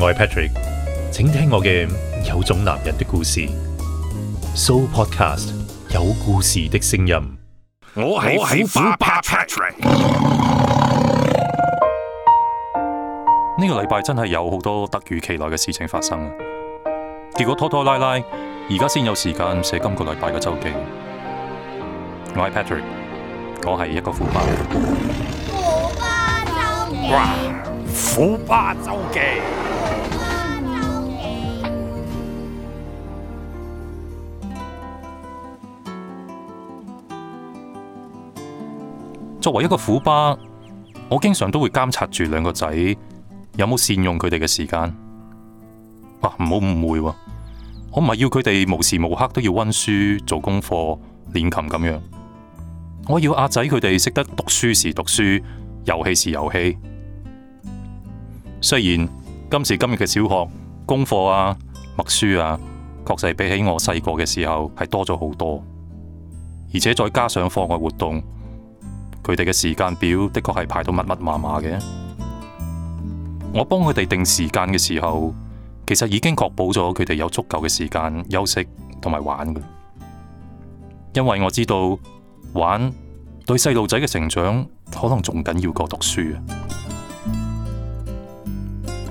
我係 Patrick，請聽我嘅有種男人的故事。So Podcast，有故事的聲音。我係我係虎巴 Patrick。呢 個禮拜真係有好多突如其來嘅事情發生，結果拖拖拉拉，而家先有時間寫今個禮拜嘅周記。我係 Patrick，我係一個虎巴。虎巴周記，虎巴周記。作為一個虎爸，我經常都會監察住兩個仔有冇善用佢哋嘅時間。啊，唔好誤會，我唔係要佢哋無時無刻都要溫書、做功課、練琴咁樣。我要阿仔佢哋識得讀書時讀書，遊戲時遊戲。雖然今時今日嘅小學功課啊、默書啊，確實比起我細個嘅時候係多咗好多，而且再加上課外活動。佢哋嘅時間表的確係排到密密麻麻嘅。我幫佢哋定時間嘅時候，其實已經確保咗佢哋有足夠嘅時間休息同埋玩嘅。因為我知道玩對細路仔嘅成長可能仲緊要過讀書啊。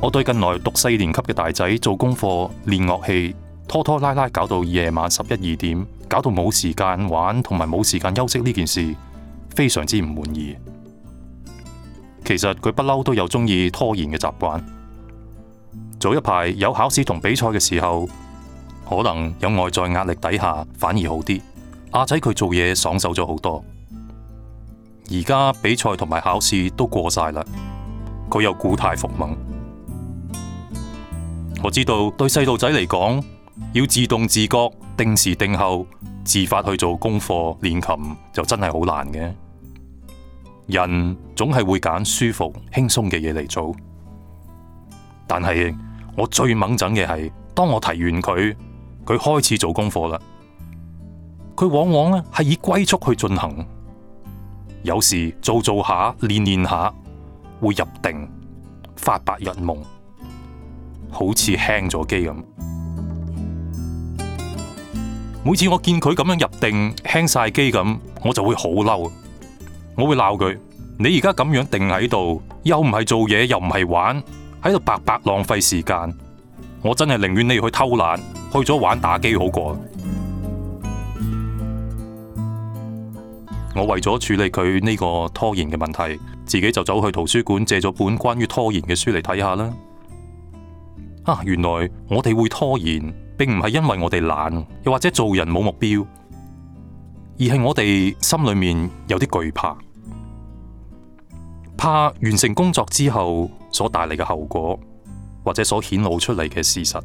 我對近來讀四年級嘅大仔做功課、練樂器、拖拖拉拉拉，搞到夜晚十一二點，搞到冇時間玩同埋冇時間休息呢件事非常之唔滿意。其實佢不嬲都有中意拖延嘅習慣。早一排有考試同比賽嘅時候，可能有外在壓力底下反而好啲。阿仔佢做嘢爽手咗好多。而家比賽同埋考試都過晒啦，佢又故態復萌。我知道對細路仔嚟講，要自動自覺、定時定候、自發去做功課、練琴，就真係好難嘅。人總係會揀舒服、輕鬆嘅嘢嚟做但，但係我最猛憎嘅係，當我提完佢，佢開始做功課啦。佢往往咧係以龜速去進行，有時做做下、練練下，會入定、發白日夢，好似輕咗機咁。每次我見佢咁樣入定、輕晒機咁，我就會好嬲。我會鬧佢，你而家咁樣定喺度，又唔係做嘢，又唔係玩，喺度白白浪費時間。我真係寧願你去偷懶，去咗玩打機好過。 我為咗處理佢呢個拖延嘅問題，自己就走去圖書館借咗本關於拖延嘅書嚟睇下啦。啊，原來我哋會拖延，並唔係因為我哋懶，又或者做人冇目標，而係我哋心裏面有啲懼怕。怕完成工作之後所帶嚟嘅後果，或者所顯露出嚟嘅事實。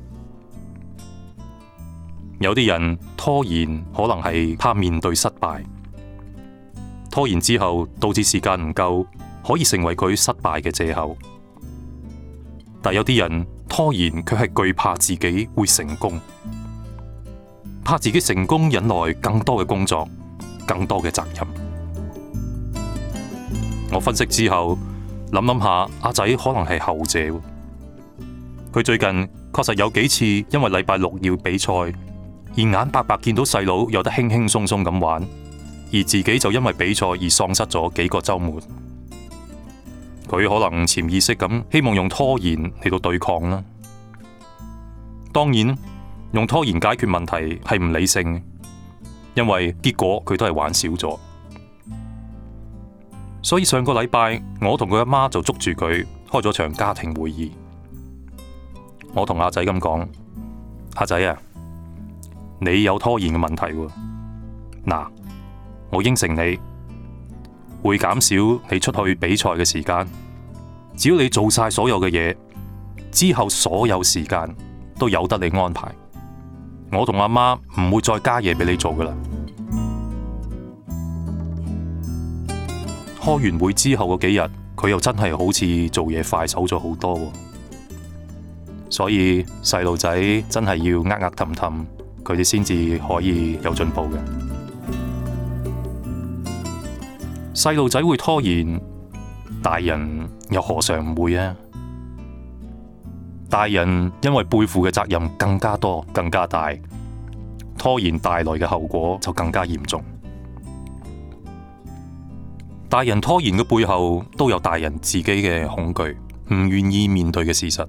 有啲人拖延可能係怕面對失敗，拖延之後導致時間唔夠，可以成為佢失敗嘅借口。但有啲人拖延卻係懼怕自己會成功，怕自己成功引來更多嘅工作，更多嘅責任。我分析之後諗諗下，阿仔可能係後者。佢最近確實有幾次因為禮拜六要比賽，而眼白白見到細佬有得輕輕鬆鬆咁玩，而自己就因為比賽而喪失咗幾個周末。佢可能潛意識咁希望用拖延嚟到對抗啦。當然，用拖延解決問題係唔理性，因為結果佢都係玩少咗。所以上個禮拜，我同佢阿媽就捉住佢開咗場家庭會議。我同阿仔咁講：阿仔啊，你有拖延嘅問題。嗱，我應承你，會減少你出去比賽嘅時間。只要你做晒所有嘅嘢，之後所有時間都由得你安排。我同阿媽唔會再加嘢俾你做噶啦。開完會之後嗰幾日，佢又真係好似做嘢快手咗好多喎。所以細路仔真係要呃呃氹氹，佢哋先至可以有進步嘅。細路仔會拖延，大人又何嘗唔會啊？大人因為背負嘅責任更加多、更加大，拖延帶來嘅後果就更加嚴重。大人拖延嘅背後都有大人自己嘅恐懼，唔願意面對嘅事實。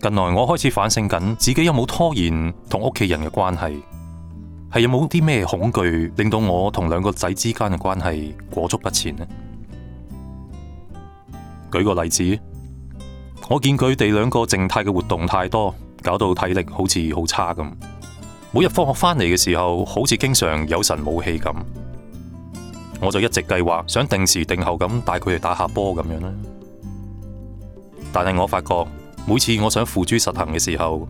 近來我開始反省緊，自己有冇拖延同屋企人嘅關係，係有冇啲咩恐懼令到我同兩個仔之間嘅關係裹足不前呢？舉個例子，我見佢哋兩個靜態嘅活動太多，搞到體力好似好差咁。每日放學返嚟嘅時候，好似經常有神冇氣咁。我就一直計劃想定時定候咁帶佢哋打下波咁樣啦，但係我發覺每次我想付諸實行嘅時候，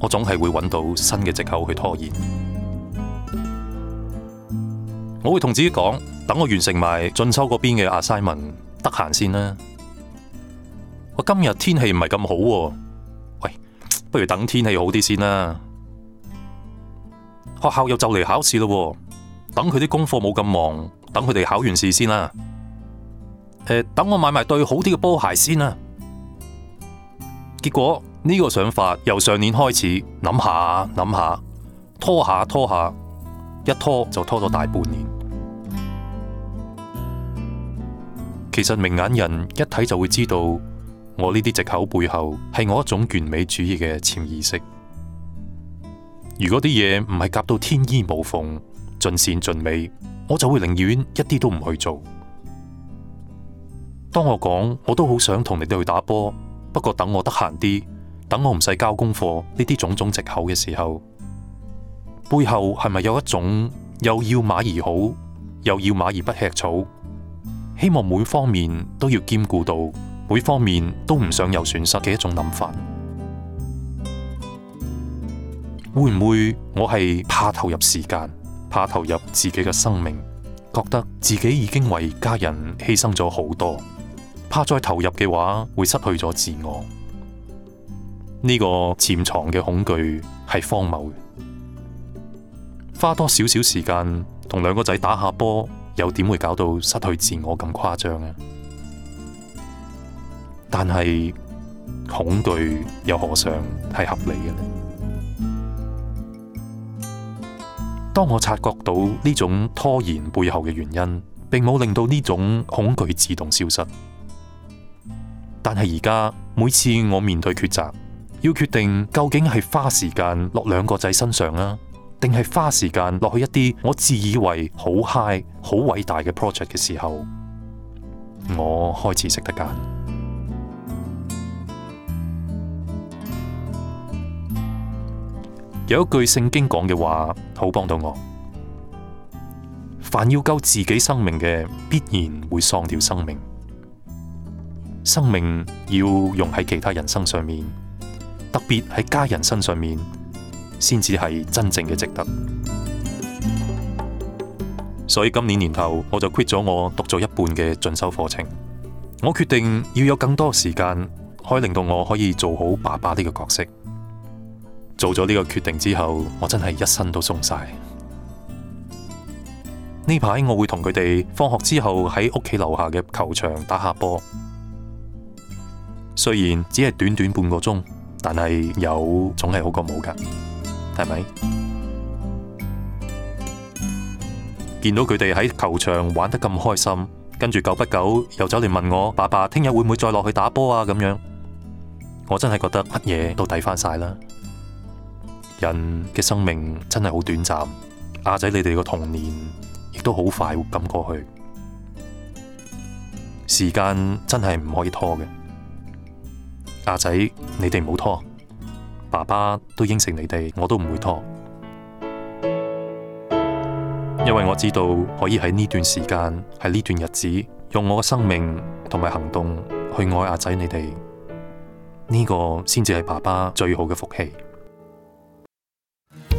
我總係會揾到新嘅借口去拖延。我會同自己講，等我完成埋進修嗰邊嘅 assignment，得閒先啦。我今日天氣唔係咁好喎，喂，不如等天氣好啲先啦。學校又就嚟考試咯喎。等佢啲功課冇咁忙，等佢哋考完試先啦。誒，等我買埋對好啲嘅波鞋先啦。結果呢個想法由上年開始諗下諗下，拖下拖下，一拖就拖咗大半年。其實明眼人一睇，就會知道，我呢啲借口背後係我一種完美主義嘅潛意識。如果啲嘢唔係夾到天衣無縫，盡善盡美，我就會寧願一啲都唔去做。當我講我都好想同你哋去打波，不過等我得閒啲，等我唔使交功課呢啲種種借口嘅時候，背後係咪有一種又要馬兒好，又要馬兒不吃草，希望每方面都要兼顧到，每方面都唔想有損失嘅一種諗法？會唔會我係怕投入時間？怕投入自己嘅生命，覺得自己已經為家人犧牲咗好多，怕再投入嘅話會失去咗自我。呢個潛藏嘅恐懼係荒謬嘅。花多少少時間同兩個仔打下波，又點會搞到失去自我咁誇張啊？但係恐懼又何嘗係合理嘅呢？當我察覺到呢種拖延背後嘅原因，並冇令到呢種恐懼自動消失，但係而家每次我面對抉擇，要決定究竟係花時間落兩個仔身上啊，定係花時間落去一啲我自以為好 high、好偉大嘅 project 嘅時候，我開始識得揀。有一句聖經講嘅話好幫到我，凡要救自己生命嘅，必然會喪掉生命。生命要用喺其他人身上面，特別喺家人身上面，先至係真正嘅值得。所以今年年頭，我就 quit 咗我讀咗一半嘅進修課程，我決定要有更多時間，可以令到我可以做好爸爸呢個角色。做咗呢個決定之後，我真係一身都鬆晒。呢排我會同佢哋放學之後喺屋企樓下嘅球場打下波，雖然只係短短半個鐘，但係有總係好過冇㗎，係咪？見到佢哋喺球場玩得咁開心，跟住久不久又走嚟問我：「爸爸，聽日會唔會再落去打波啊？咁樣，我真係覺得乜嘢都抵翻晒啦。人嘅生命真係好短暫，阿仔你哋個童年亦都好快活咁過去，時間真係唔可以拖嘅。阿仔你哋唔好拖，爸爸都應承你哋，我都唔會拖，因為我知道可以喺呢段時間，喺呢段日子，用我嘅生命同埋行動去愛阿仔你哋，呢個先至係爸爸最好嘅福氣。